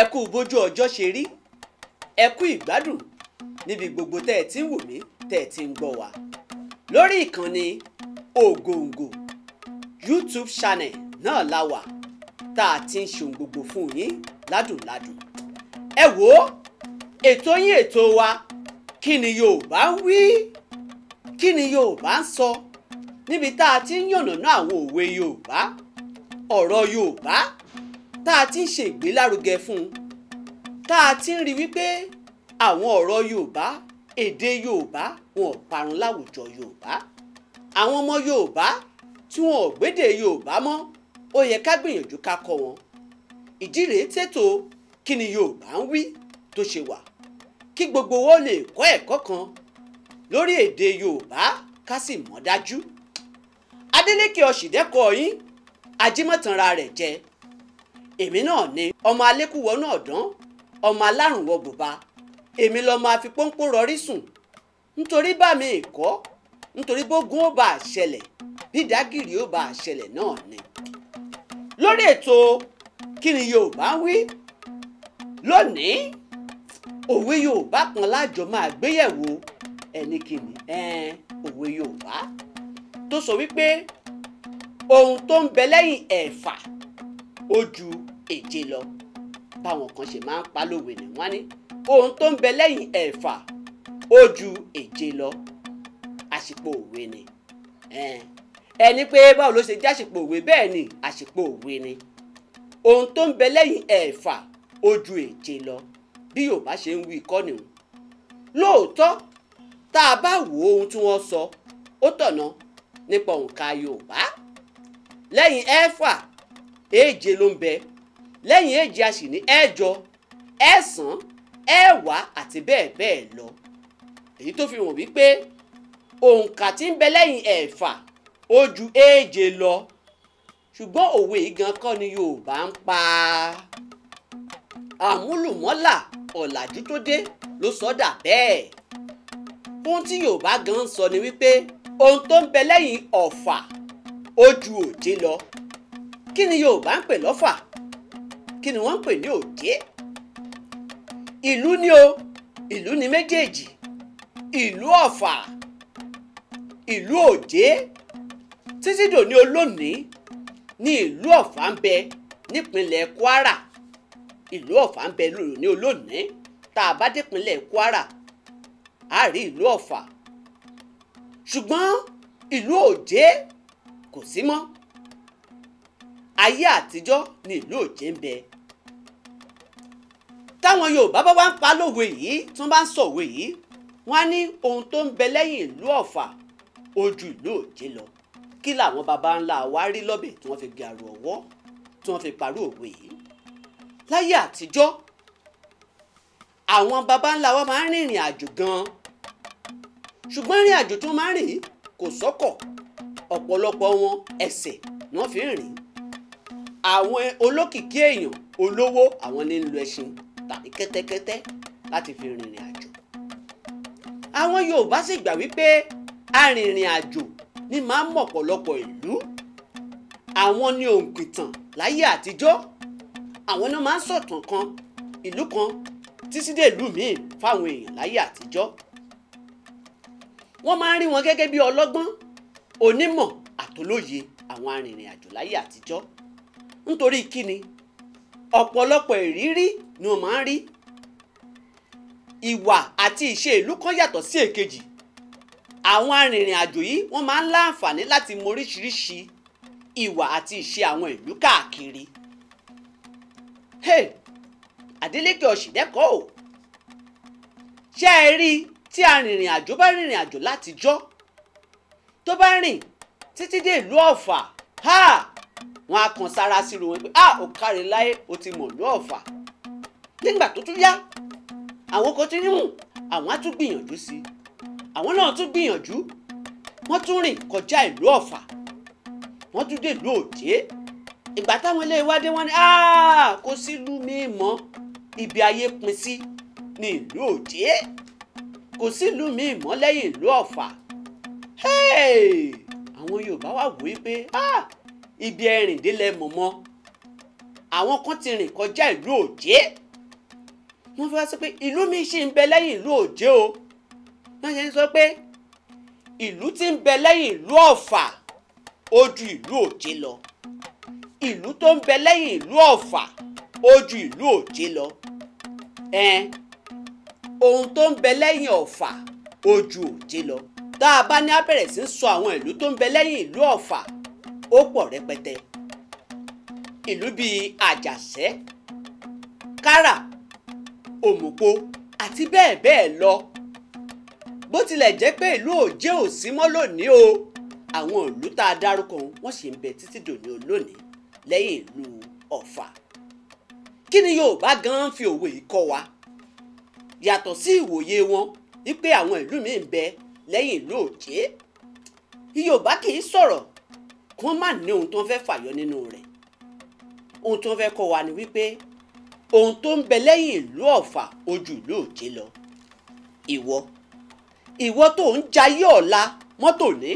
ẹ kú bójú ọjọ́ ṣe rí ẹ kú ìgbádùn níbi gbogbo tẹ́ ẹ ti ń wò mí tẹ́ ẹ ti ń gbọ́ wa lórí ìkànnì ògòǹgò YouTube channel náà la wà tá a ti ń ṣòun gbogbo fún yín ládùnládùn ẹ wò ó ètò yín ètò wa kí ni Yorùbá ń wí kí ni Yorùbá ń sọ níbi tá a ti ń yànnàná àwọn òwe Yorùbá ọ̀rọ̀ Yorùbá tá a ti ń ṣe ìgbélárugẹ fún un tá a ti ń rí wípé àwọn ọ̀rọ̀ Yorùbá èdè Yorùbá wọn ò parun láwùjọ Yorùbá àwọn ọmọ Yorùbá tí wọn ò gbédè Yorùbá mọ́ ó yẹ ká gbìyànjú ká kọ́ wọn ìdí rèé tètò kí ni Yorùbá ń wí tó ṣe wà kí gbogbo wọn lè kọ́ ẹ̀kọ́ kan lórí èdè Yorùbá ká sì mọ̀ dájú Adeleke Ọ̀ṣìndẹ́kọ̀ yín ajímọ̀tànra rẹ̀ jẹ́ èmi náà ni ọmọ alékùwọ́ náà dán ọmọ alárùnwọ bùbá èmi lọ́mọ àfi pọ́npọ́ rọrí sùn nítorí bá mi kọ́ nítorí bógun ó bá àṣẹlẹ̀ bídágìrì ó bá àṣẹlẹ̀ náà ni. lórí ètò kí ni Yorùbá wí lónìí òwe Yorùbá kan lájọ máa gbéyẹ̀wò ẹni òwe Yorùbá tó sọ wípé ohun tó ń bẹ lẹ́yìn ẹ̀fà ó èje lọ báwọn kan ṣe máa ń pa lówe ni wọ́n á ní ohun tó ń bẹ lẹ́yìn ẹ̀fà ó ju èje lọ àṣìpọ̀ òwe ni ẹni pé báwo ló ṣe jẹ́ àṣìpọ̀ òwe bẹ́ẹ̀ ni àṣìpọ̀ òwe ni ohun tó ń bẹ lẹ́yìn ẹ̀fà ó ju èje lọ bí Yorùbá ṣe ń wí kọ́ nìhun lóòótọ́ tá a bá wo ohun tí wọ́n sọ ó tọ̀nà nípa òǹkà Yorùbá lẹ́yìn ẹ̀fà èje ló ń bẹ lẹ́yìn èjì a sì ní ẹ̀jọ ẹ̀sán ẹ̀wá àti bẹ́ẹ̀ bẹ́ẹ̀ lọ èyí tó fi hàn wípé òǹkà tí ń bẹ lẹ́yìn ẹ̀fà ó ju èje lọ ṣùgbọ́n òwe yìí gan kọ́ ni Yorùbá ń pa àmúlùmọ́là ọ̀làjú tó dé ló sọ dà bẹ́ẹ̀ ohun tí Yorùbá gan sọ ni wípé ohun tó ń bẹ lẹ́yìn ọ̀fà ó ju òjé lọ kí ni Yorùbá ń pè lọ́fà kí ni wọ́n ń pè ní òde ìlú ni o ìlú ni méjèèjì ìlú ọ̀fà ìlú òde títí dòní olónìí ní ìlú ọ̀fà ń bẹ nípínlẹ̀ kwara ìlú ọ̀fà ń bẹ lónìí olónìí tá a bá dépínlẹ̀ kwara a rí ìlú ọ̀fà ṣùgbọ́n ìlú òde kò sí mọ́ ayé àtijọ́ ni ìlú òde ń bẹ táwọn Yorùbá bá wá ń pa lówe yìí tí wọ́n bá ń sọ̀wé yìí wọ́n á ní ohun tó ń bẹ lẹ́yìn ìlú Ọ̀fà ojú ìlú òjé lọ kí làwọn baba ńlá wa rí lọ́bẹ̀ tí wọ́n fi gé àrò ọwọ́ tí wọ́n fi parú òwe yìí láyé àtijọ́ àwọn baba ńlá wa máa ń rìnrìn àjò gan-an rìn àjò tó máa ń rìn kò sọ́kọ̀ ọ̀pọ̀lọpọ̀ wọn ẹsẹ̀ ni wọ́n fi ń rìn àwọn olókìkí èèyàn olówó àwọn ní ń lo ẹṣin tàbí kẹ́tẹ́kẹ́tẹ́ láti fi rìnrìn àjò. àwọn Yorùbá sì gbà wípé arìnrìn àjò ni máa ń mọ̀ ọ̀pọ̀lọpọ̀ ìlú àwọn ni òǹpìtàn láyé àtijọ́ àwọn náà máa ń sọ̀tàn kan ìlú kan títí dé ìlú míì fáwọn èèyàn láyé àtijọ́ wọ́n máa ń rí wọn gẹ́gẹ́ bí ọlọ́gbọ́n onímọ̀ àtolóye àwọn arìnrìn àjò láyé àtijọ́ nítorí kíni ọ̀pọ̀lọpọ̀ ìrírí ni wọ́n máa ń rí ìwà àti ìṣe ìlú kan yàtọ̀ sí èkejì àwọn arìnrìn àjò yìí wọ́n máa ń láǹfààní láti mọ oríṣiríṣi ìwà àti ìṣe àwọn ìlú káàkiri hey Adeleke Ọ̀ṣìndẹ́kọ̀ o ṣé ẹ rí i tí arìnrìn àjò bá rìnrìn àjò látijọ́ tó bá rìn títí dé ìlú Ọ̀fà ha wọ́n á kan sára síru wọn pé ah ò kárí láyé o ti mọ̀ ìlú Ọ̀fà nígbà tó tún yá àwọn kan ti rímù àwọn á tún gbìyànjú sí i àwọn náà tún gbìyànjú wọ́n tún rìn kọjá ìlú ọ̀fà wọ́n tún dé ìlú òjé ìgbà táwọn ilé wa dé wọ́n ní kò sí ìlú míì mọ́ ibi ayé pin sí ní ìlú òjé kò sí ìlú míì mọ́ lẹ́yìn ìlú ọ̀fà àwọn Yorùbá wà wí pé ibi ẹrìndínlẹ́mọ̀mọ́ àwọn kan ti rìn kọjá ìlú òjé wọ́n fi wá sọ pé ìlú mi ṣì ń bẹ lẹ́yìn ìlú òjé o wọ́n ṣe ń sọ pé ìlú tí ń bẹ lẹ́yìn ìlú ọ̀fà ó ju ìlú òjé lọ ìlú tó ń bẹ lẹ́yìn ìlú ọ̀fà ó ju ìlú òjé lọ ẹn ohun tó ń bẹ lẹ́yìn ọ̀fà ó ju òjé lọ tá a bá ní á bẹ̀rẹ̀ sí sọ àwọn ìlú tó ń bẹ lẹ́yìn ìlú ọ̀fà ó pọ̀ rẹpẹtẹ ìlú bíi àjàṣẹ́ kárà mòpomòpo àti bẹ́ẹ̀ bẹ́ẹ̀ lọ bó tilẹ̀ jẹ́ pé ìlú òjé ò sí mọ́ lónìí o àwọn ìlú tá a dárúkọ wọn sì ń bẹ títí dòní olónìí lẹ́yìn ìlú ọ̀fà kí ni Yorùbá gan fi òwe yìí kọ́ wa yàtọ̀ sí ìwòye wọn wípé àwọn ìlú míì ń bẹ lẹ́yìn ìlú òjé Yorùbá kì í sọ̀rọ̀ kí wọ́n má ní ohun tó ń fẹ́ fàyọ nínú rẹ̀ ohun tó ń fẹ́ kọ́ wa ni wípé ohun tó ń bẹ lẹ́yìn ìlú ọ̀fà ojú lóòjé lọ ìwọ ìwọ tó ń jayé ọ̀la mọ́tò lé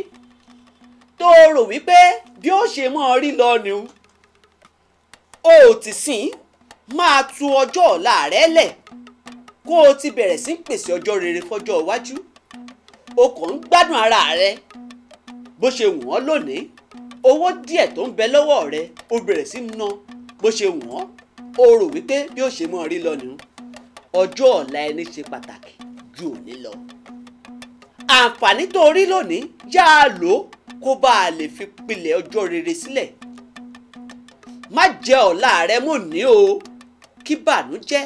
tó rò wípé bí ó ṣe mọ́ ọ rí lọ ni o ò tì sìn máa tu ọjọ́ ọ̀la rẹ lẹ̀ kó o ti bẹ̀rẹ̀ sí pèsè ọjọ́ rere fọjọ́ iwájú o kàn ń gbádùn ara rẹ bó ṣe wù wọ́n lónìí owó díẹ̀ tó ń bẹ lọ́wọ́ rẹ o bẹ̀rẹ̀ sí ná bó ṣe wù wọ́n o rò wípé bí ó ṣe mọ́ rí lọ nìyẹn ọjọ́ ọ̀la ẹni ṣe pàtàkì ju òní lọ àǹfààní tó rí lónìí yá a lò ó kó bá a lè fi pilẹ̀ ọjọ́ rere sílẹ̀ má jẹ́ ọ̀la rẹ mọ̀ ní o kí bànújẹ́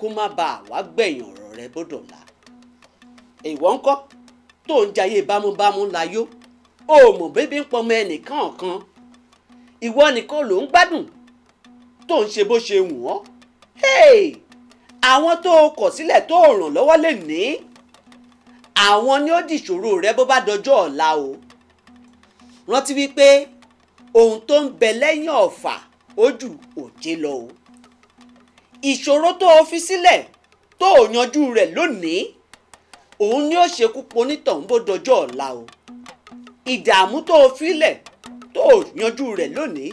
kó má bàa wá gbẹ̀yìn ọ̀rọ̀ rẹ bọ́dọ̀ la ìwọ ńkọ́ tó ń jayé bámúbámú láyó o mọ̀ bébí ń pọmọ ẹnìkan kan ìwọ nìkan ló ń gbádùn tó ń ṣe bó ṣe wù wọ́n àwọn tó o kọ̀ sílẹ̀ tó o ràn lọ́wọ́ lè ní àwọn ni ó dìṣòro rẹ bó bá dọjọ́ ọ̀la o rántí wípé ohun tó ń bẹ lẹ́yìn ọ̀fà ó ju òjé lọ o ìṣòro tó o fi sílẹ̀ tó o yanjú rẹ̀ lónìí òun ni ó ṣekú ponítọ̀hún bó dọjọ́ ọ̀la o ìdààmú tó o fi lẹ̀ tó o yanjú rẹ̀ lónìí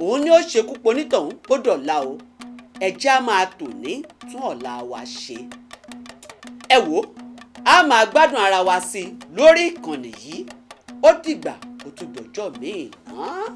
òun ni ó ṣekú ponítọ̀hún gbọ́dọ̀ la o ẹ̀jẹ̀ á máa tò ní tún ọ̀la wa ṣe. ẹ wo a máa gbádùn ara wa sí i lórí ìkànnì yìí ó dìgbà ó tún dọjọ́ míì hàn.